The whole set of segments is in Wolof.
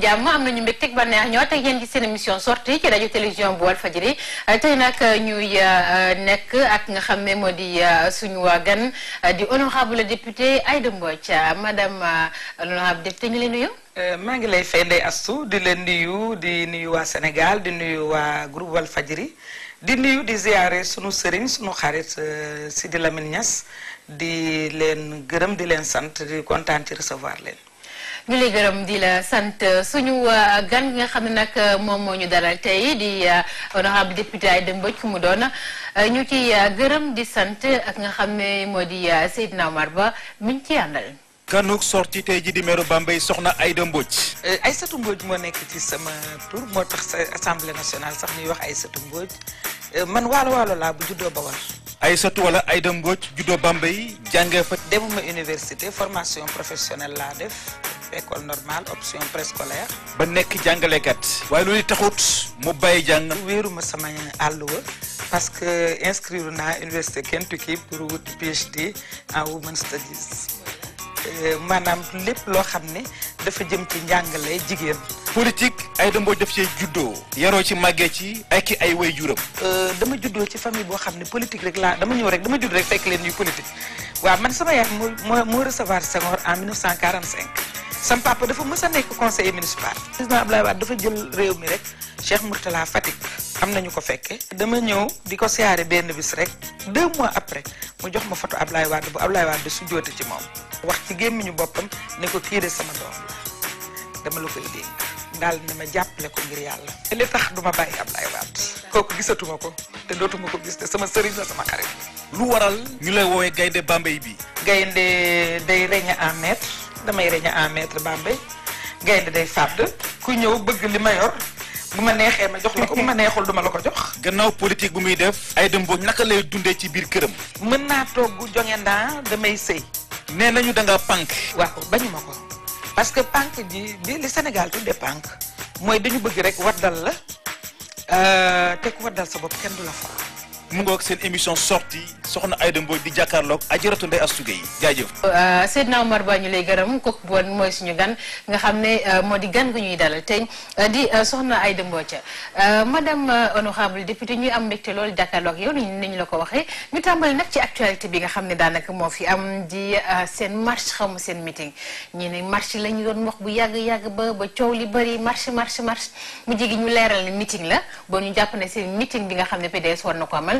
leen jàmm am nañu mbégteeg bànneex ñoo teg yéen ci seen émission sorti ci rajo télévision bu Walfadjri euh, tey nag euh, ñuy euh, nekk ak nga xam ne moo di suñu gan di honorable député Aïda Mbodj madame l'honorable député ñu leen nuyu. maa ngi lay fay Ndeye Astou di leen nuyu di nuyu waa Sénégal di nuyu waa groupe Walfadjri di nuyu di ziare sunu sëriñ sunu xarit Sidi Lamine Niass di leen gërëm di leen sant di kontaan ci recevoir leen. ñu lay gërëm di la sant suñu euh, gan nga xam ne nag euh, moom moo ñu dalal tey di euh, honorable député Aïda Mbodj ku mu doon ñu ci gërëm di sant ak nga xam ne moo di Seydina mar Ba mi ngi ci àndal. kanuk sorti tey ji di meeru Bambey soxna Aïda ay Aïssatou Mbodj moo nekk ci sama tour moo tax assemblée nationale sax ñuy wax Aïssatou Mbodj man waalo waalo laa bu juddoo ay Aïssatou wala Aïda Mbodj juddoo Bambey jàngee fa demuma université formation professionnelle laa def école normale option préscolaire. ba nek jangale kat way loolu taxout mu bàyyi jàng. wéeruma sama allo parce que inscrire na université Kentucky pour wut PhD en women studies. Euh, manam lepp lo xam dafa jëm ci jangale jigen politique ay dembo def ci juddo yaroo ci magge ci ay ki ay way juram. euh dama juddo ci famille bo xam politique rek la dama ñew rek dama judd rek fekk leen ñuy politique wa man sama yaay mo recevoir Senghor en 1945. sam papa dafa mës a nekk conseiller municipal. président Ablaye dafa jël réew mi rek Cheikh Mourtala Fatick am nañu ko fekke dama ñëw di ko siyaare benn bis rek deux mois après mu jox ma photo Ablaye Wade bu Ablaye Wade su joote ci moom wax ci gémmiñu boppam ne ko kii de sama doom dama la koy dénk daal ne ma jàppale ko ngir yàlla te li tax duma bàyyi Ablaye Wade kooku gisatuma ko te dootuma ko gis sama sëriñ la sama xarit lu waral ñu lay woowee gaynde mbay bi gaynde day régner en maître damay reñe en maître Bambey gaynde day fàdd ku ñëw bëgg li ma yor bu ma neexee ma jox la ko bu ma neexul duma la ko jox. gannaaw politique bu muy def. ay dëmbooj naka lay dundee ci biir këram. mën naa togg jonge ndaa damay sëy. nee nañu da nga pànk. waaw bañu ma ko parce que pànk ji bi li Sénégal tuddee pànk mooy dañu bëgg rek waddal la euh, te ku waddal sa bopp kenn du la mu ngoog seen émission sortie soxna Aïda Mbodj di jàkkaarloog ajaratu Ndeye Astou Gueye jaajëf euh, Seydina Omar Ba ñu lay gërëm kooku bon mooy suñu gan nga xam ne euh, moo di gan gu ñuy dalal tey euh, di soxna Aïda Mbodj madame honorable député ñu am mbégte loolu jàkkaarloog yow ni ñu la ko waxee ñu tàmbali nag ci actualité bi nga xam ne daanaka moo fi am di seen marche xamu seen meeting ñi ne marche la ñu doon wax bu yàgg-yàgg ba ba coow li bëri marche marche marche mu jigi ñu leeral ne meeting la ba ñu jàpp ne seen meeting bi nga xam ne PDS war na ko amal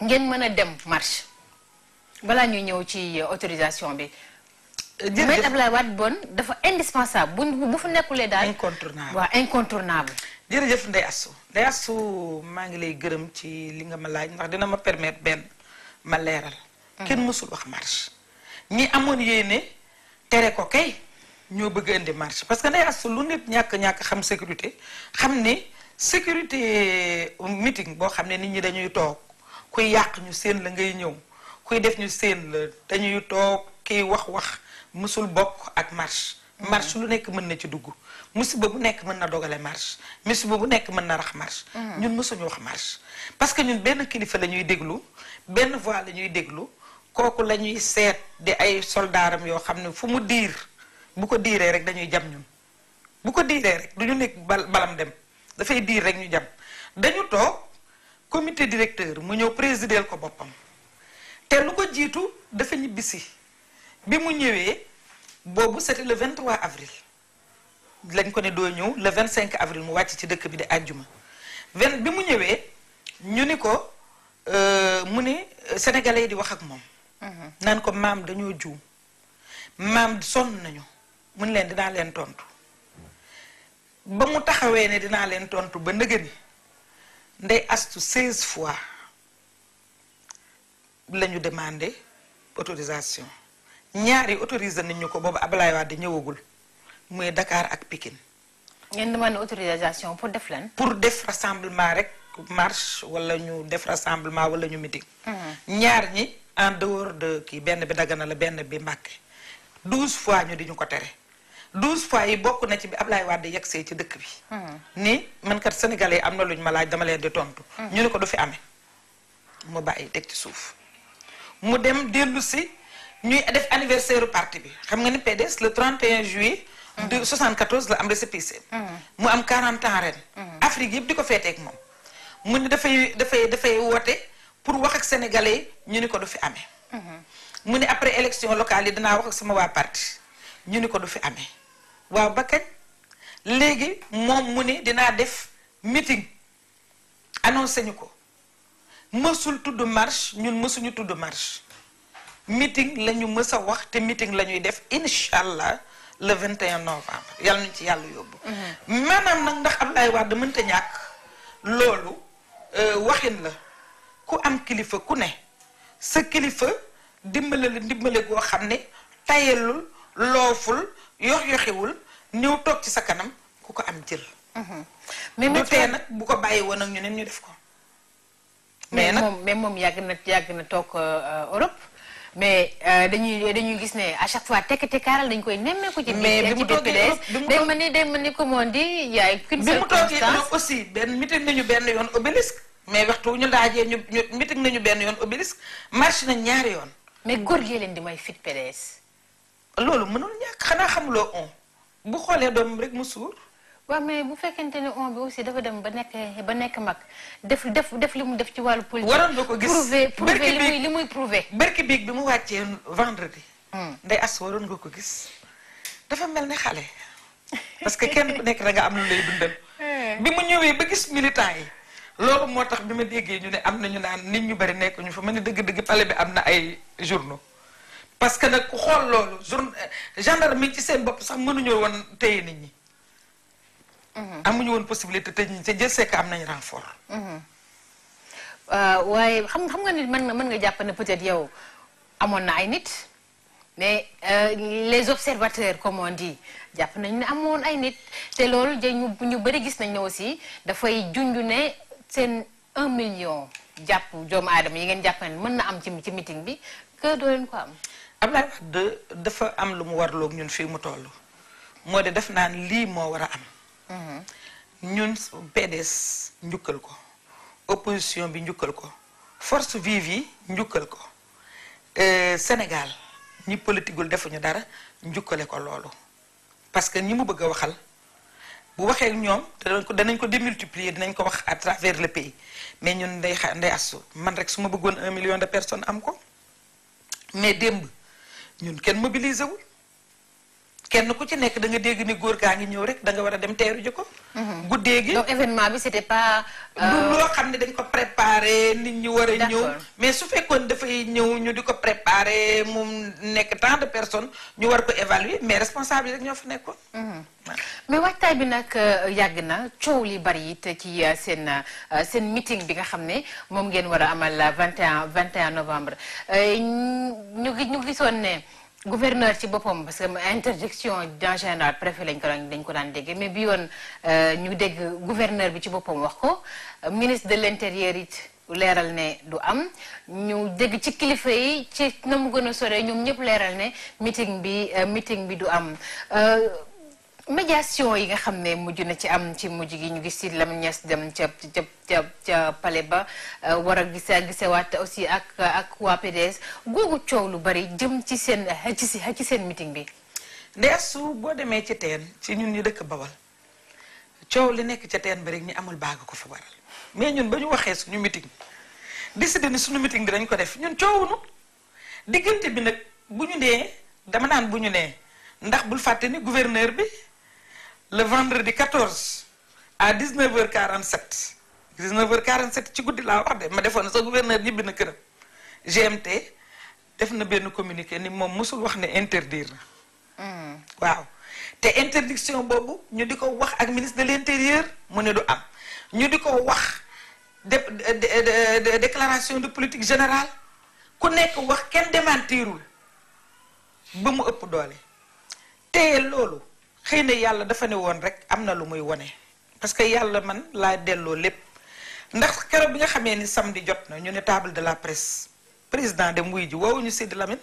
ngeen mën a dem marche balaa ñu ñëw ci euh, autorisation bi. jërëjëf Me Abdoulaye Wade Bon dafa indispensable bu bu fu nekkulee daal. incontournable waaw incontournable. jërëjëf Ndeye Assou Ndeye Assou maa ngi lay gërëm ci li nga ma laaj ndax dina ma permettre benn ma leeral. Mhm. kenn mësul wax marche. ñi amoon yéene tere ko kay ñoo bëgg indi marche parce que Ndeye Assou lu nit ñàkk ñàkk xam sécurité xam ne sécurité euh, meeting boo xam ne nit ñi dañuy toog. kuy yak ñu seen la ngay ñew kuy def ñu seen la dañuy tok musul wax wax musul bok ak marche mhm. marche lu nekk mën na ci dugg musiba bu nekk mën na dogale marche musiba bu nekk mën na rax marche mhm. ñun mësuñu wax marche parce que ñun benn kilifa la ñuy déglu benn voix la ñuy déglu koku la ñuy di ay soldaram yo fu mu diir bu ko rek dañuy jam ñun bu ko diiree rek duñu nekk balam dem fay diir rek ñu jam dañu tok comité directeur mu ñeu président ko bopam té dafa bi mu c'était le 23 avril lañ ko le 25 avril mu wacc ci dëkk bi di vingt bi mu ñëwé ñu euh, euh, sénégalais yi di wax ak mom mhm. ko mam juum tontu ba mu Ndeye Astou 16 fois la ñu demandé autorisation ñaari autorisé nañ ñu ko boobu waa Wade ñëwagul mooy dakaar ak Pikine. ngeen demandé autorisation pour def lan. pour def rassemblement rek marche wala ñu def rassemblement wala ñu meeting. Mm-hmm. ñaar ñi en dehors de kii benn bi Dagana la benn bi Mbacké 12 fois ñu di ñu ko tere. douze fois yi bokk na ci bi Ablaye Wade yegsee ci dëkk bi. Hmm. ni man kat sénégalais am na luñ ma laaj dama leen di tontu. Hmm. ñu ne ko du fi amee mu bàyyi teg ci suuf. mu dem dellu si ñuy def anniversaire parti bi xam nga ni PDS le 31 juillet. Hmm. de 74 la am récépissé. mu am 40 ans ren. Afrique yëpp di ko feeteeg moom. mu ne dafay dafay dafay woote pour wax ak sénégalais ñu ni ko du fi amee. mu ne après élection locale yi danaa wax ak sama waa parti ñu ni ko du fi amee. waaw ba kañ léegi moom mu ni dinaa def meeting annoncé ñu ko mësul tudd marche ñun mësuñu tudd marche meeting la ñu mës a wax te meeting la ñuy def incha allah le 21 novembre yàlla nañ ci yàlla yóbbu. Mhm. maanaam nag ndax Abdoulaye Wade mënta ñàkk loolu euh, waxin la ku am kilifa ku ne sa kilifa dimbale la dimbale goo xam ne tayelul looful. yox yoxiwul ñëw toog ci sa kanam ku ko am jël. Mhm. mais bu fee nag bu ko bàyyi woon ak ñu ñu def ko. mais nag moom mais moom yàgg na yàgg na toog euh, Europe. mais euh, dañuy dañuy gis ne à chaque fois tekk tekkaaral dañ koy nemmeeku. ci biir ci biir PDS day ma ni day ma ni comment di yaay. bi mu toogee aussi benn meeting nañu benn yoon obélisque. mais waxtu ñu laajee ñu ñu meeting nañu benn yoon obélisque marché nañ ñaari yoon. mais góor gee leen di may fit PDS. loolu mënul ñàkk xanaa xamuloo on bu xoolee doon rek mu suur. waaw mais bu fekkente ne on bi aussi dafa dem ba nekk ba nekk mag def def def li mu def ci wàll politique. waroon nga ko gis prouver prouver li muy li muy prouver. berki biig bi mu wàccee vendredi. Hmm. nday as waroon nga ko gis. dafa mel ni xale. parce que kenn ku nekk da nga am lu lay dundal. Eh. bi mu ñëwee ba gis militant yi. loolu moo tax bi ma déggee ñu ne am na ñu naan nit ñu bari nekk ñu fa ma ne dëgg-dëgg pale bi am na ay journaux. parce que nag ku xool loolu jour gendarme yi ci seen bopp sax mënuñoo woon téye nit ñi. Mhm. amuñu woon possibilité tëj ñi te jël see am nañ renfort. Mhm. Euh, waaye xam xam nga nit mën nga mën nga jàpp ne peut-être yow amoon na ay nit mais euh, les observateurs comme on dit jàpp nañ ne amoon ay nit te loolu ñu ñu bëri gis nañ ne aussi dafay junj ne seen un million jàpp doomu aadama yi ngeen jàpp mën na am ci ci meeting bi que doo leen ko am. am Abdoulaye Wade dafa am lu mu warloog ñun fii mu toll moo de def naan lii moo war a am mhm. ñun PDS njukkal ko opposition bi njukkal ko force vive yi njukkal ko euh, Sénégal ñi politigul ñu dara njukkale ko loolu parce que ñi mu bëgg a waxal bu waxee ak ñoom danañ ko danañ ko démultiplier dinañ ko wax à travers le pays mais ñun nday xa nday asu man rek su ma bëggoon un million de personnes am ko mais démb ñun kenn mobilisé wul kenn ku ci nekk da nga dégg ni góor kaa ngi ñëw rek da nga war a dem teeru ji ko. Mhm. guddee gi donc événement bi c'était pas. Euh, du loo xam ne dañ ko préparé nit ñi war a ñëw. mais su fekkoon dafay ñëw ñu di ko préparé mu nekk tant de ñu war ko évaluer mais responsable yi ñoo fa nekkoon. Mhm. mais waxtaay bi nag euh, yàgg na coow li bari te ci euh, seen seen meeting bi nga xam ne moom ngeen war a amal 21 21 novembre ñu ñu gisoon ne. gouverneur ci boppam parce que interdiction en général préfet lañ ko daan dañ ko daan dégg mais bi yoon euh, ñu dégg gouverneur bi ci boppam wax ko ministre de l'intérieur it leeral ne du am ñu dégg ci kilifa yi ci na mu gën a sore ñoom ñëpp leeral ne meeting bi euh, meeting bi du am euh, médiation yi nga xam ne mujj na ci am ci mujj gi ñu gis si lam ñas dem ca ca ca ca palais ba euh, war a gisa gisewaat aussi ak ak waa PDS googu coow lu bari jëm ci seen ci ci seen meeting bi. ndeesu boo demee ci teen ci ñun ñu dëkk Bawal coow li nekk ca teen ba rek ñu amul baaga ko fa waral mais ñun ba ñu waxee suñu meeting décidé ni suñu meeting bi dañ ko def ñun coowuñu diggante bi nag bu ñu nee dama naan bu ñu nee ndax bul fàtte ni gouverneur bi. le vendredi 14 à 19h47 19h47 tu guddi la wax de ma defoon le gouverneur dit que këram GMT il na communiqué ni moom mosul wax interdire Wow, hmm. waaw te interdiction disons ñu di wax ministre de l'intérieur mu ne du am ñu di la déclaration de politique générale ku nekk wax kenn démentirul ba mu ëpp doole te loolu. xeyna yalla dafa ne woon rek amna Pas lu muy woné parce que yalla man la delloo lepp ndax kéro bi nga xamé ni samedi jotna ñu né table de la presse président de wuy ji woowuñu Sidi Lamine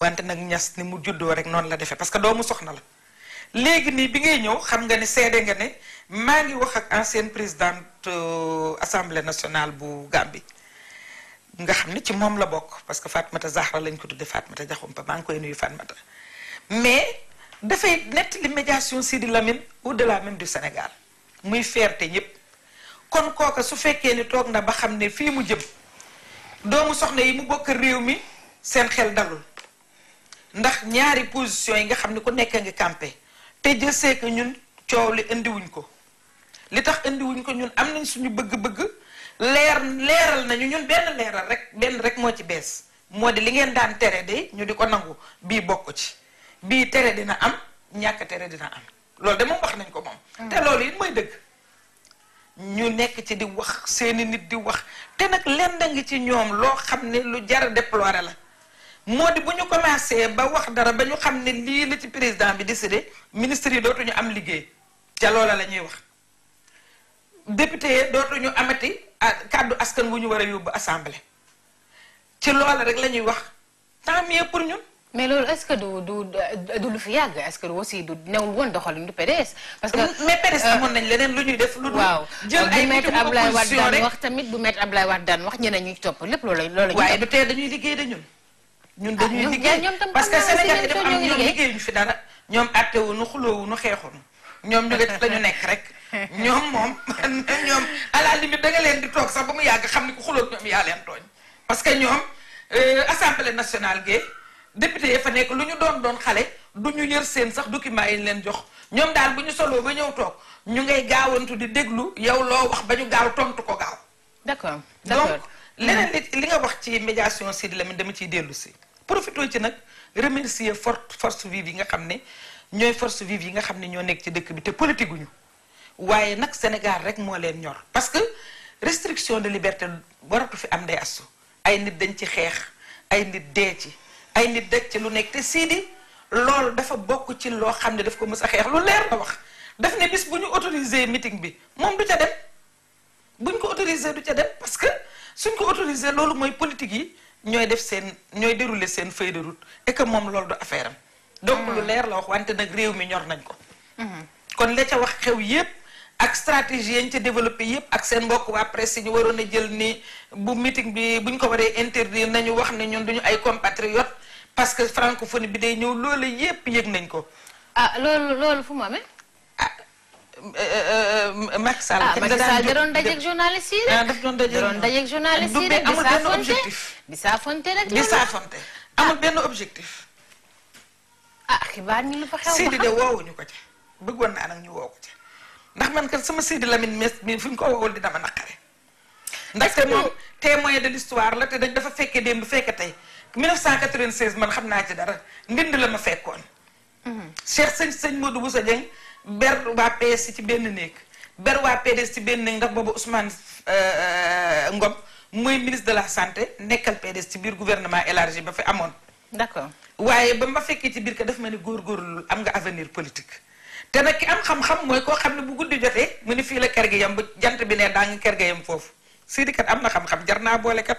wante nak ñass ni mu juddo rek non la défé parce que doomu soxna la légui nii bi ngay ñëw xam nga ni seede nga né ma ngi wax ak ancien président euh, assemblée nationale bu Gambie nga xam ci mom la bok parce que Fatmata Zahra lañ ko tuddé Fatmata jaxum pa bang koy nuyu Fatmata mais dafay nettali médiation Sidi Lamine de la même du Sénégal muy fierté ñëpp kon kooka su fekkee ni toog na ba xam ne fii mu jëm doomu soxna yi mu bokk réew mi seen xel dalul ndax ñaari position yi nga xam ne ku nekk nga campé te je sais ñun coow li indiwuñ ko li tax indiwuñ ko ñun am nañ suñu bëgg-bëgg leer leeral nañu ñun benn leeral rek benn rek moo ci bees moo di li ngeen daan tere de ñu di ko nangu bii bokk ci bii tere dina am ñàkk tere dina am loolu de moom wax nañ ko moom. Mm. te loolu it mooy dëgg. ñu nekk ci di wax seeni nit di wax te nag lenn da ngi ci ñoom loo xam ne lu jar a la moo di bu ñu commencé ba wax dara ba ñu xam ne lii la ci président bi décidé ministre yi dootuñu am liggéey ca loola la ñuy wax député yi dootuñu amati kàddu askan wu ñu war a yóbbu assemblée ci loola rek lañuy wax tant mieux pour ñun. mais loolu est-ce que du du du fi yàgg est-ce aussi du newul woon doxalin du PDS. parce que mais PDS euh, amoon nañ leneen lu ñuy def. lu dul jël ay météo bu Ablaye wax tamit bu métti Ablaye Wade daan wax ñeneen ñuy topp lépp loolu la ñu. waaye du tee dañuy liggéey de ñun. ñun ah, parce que Sénégal yi ñu fi dara. ñoom àtte wu ñu xuloo wu ñu xeexu ñu ñoom ñu ngi la nekk rek. ñoom moom ñoom à la limite da leen di toog sax ba mu yàgg xam ni ku xuloo ñoom yaa leen tooñ parce que ñoom euh, assemblée national ge député ya fa nekk lu ñu doon doon xale du ñu yër seen sax document yi leen jox ñoom daal bu ñu soloo ba ñëw toog ñu ngay gaawantu di déglu yow loo wax ba ñu gaaw tontu ko gaaw. d'accord d'accord donc li nga wax ci médiation Sidi Lamine dama ciy dellu si. profité ci nag remercier force force vive yi nga xam ne ñooy force vive yi xam ne ñoo nekk ci dëkk bi te politique guñu waaye nag Sénégal rek moo leen ñor parce que restriction de liberté waratu fi am day astu ay nit dañ ci xeex ay nit dee ci. ay nit dekk ci lu nekk te Sidi lol dafa bokku ci lo xamne daf ko mësa xex lu leer la wax daf ne bis buñu autoriser meeting bi mom du ca dem buñ ko autoriser du ca dem parce que suñ ko autoriser loolu moy politique yi ñoy def sen ñoy dérouler sen feuille de route et que mom loolu du affaire donc lu leer la wax wante nak rew mi ñor nañ ko. Mhm. kon la ca wax xew yépp ak stratégie yañ ci développer yépp ak sen mbokk wa presse ñu jël ni bu meeting bi buñ ko waré interdire nañu wax ne ñun duñu ay compatriotes. parce que francophonie bi day ñëw loolu yépp yëg nañ ko. ah loolu loolu fu mu amee. ah euh, euh, Macky Sall. ah Macky Sall da doon dajeeg journaliste yi rek. Ah, daf doon dajeeg journaliste yi rek. amul benn objectif di saafonte rek di benn objectif. ah xibaar ñu lu fa xew ma Seydi de woowuñu ko ci bëggoon naa nag ñu woo ko ci ndax man kat sama Seydi Lamine Niass mi fu ñu ko woowul dina ma naqare. ndaxte moom témoin de l'histoire la te dañ dafa fekkee démb fekke tey. 1996 man xamna ci dara ndind la ma fekkoon. Cheikh seigne sëñ Modou Boussa Dieng ber wa PS ci ben nek ber wa PDS ci ben ngax ndax ousmane euh, euh Ngom moy ministre de la santé nekkal PDS ci bir gouvernement élargi ba fi amone d'accord waye ba ma fekkee ci bir ka daf ma gor gor am nga avenir politique. té nag ki am xam-xam moy ko xamni bu guddi jotee mu fi la kër yam bu jant bi né dang ngi yam foofu sii di kat am na xam-xam jarna bolé kat.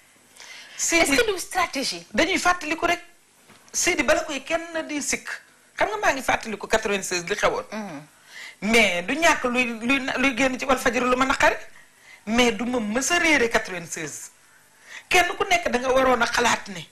Sidi est-ce dañuy fàttaliku rek Sidi bala koy kenn di sikk xam nga maa ngi fàttaliku 96 lu xewoon. Mm-hmm. mais du ñàkk luy luy luy génn ci Walfadjri lu ma naqari mais du ma réere a réere 96 kenn ku nekk da nga waroon a xalaat ne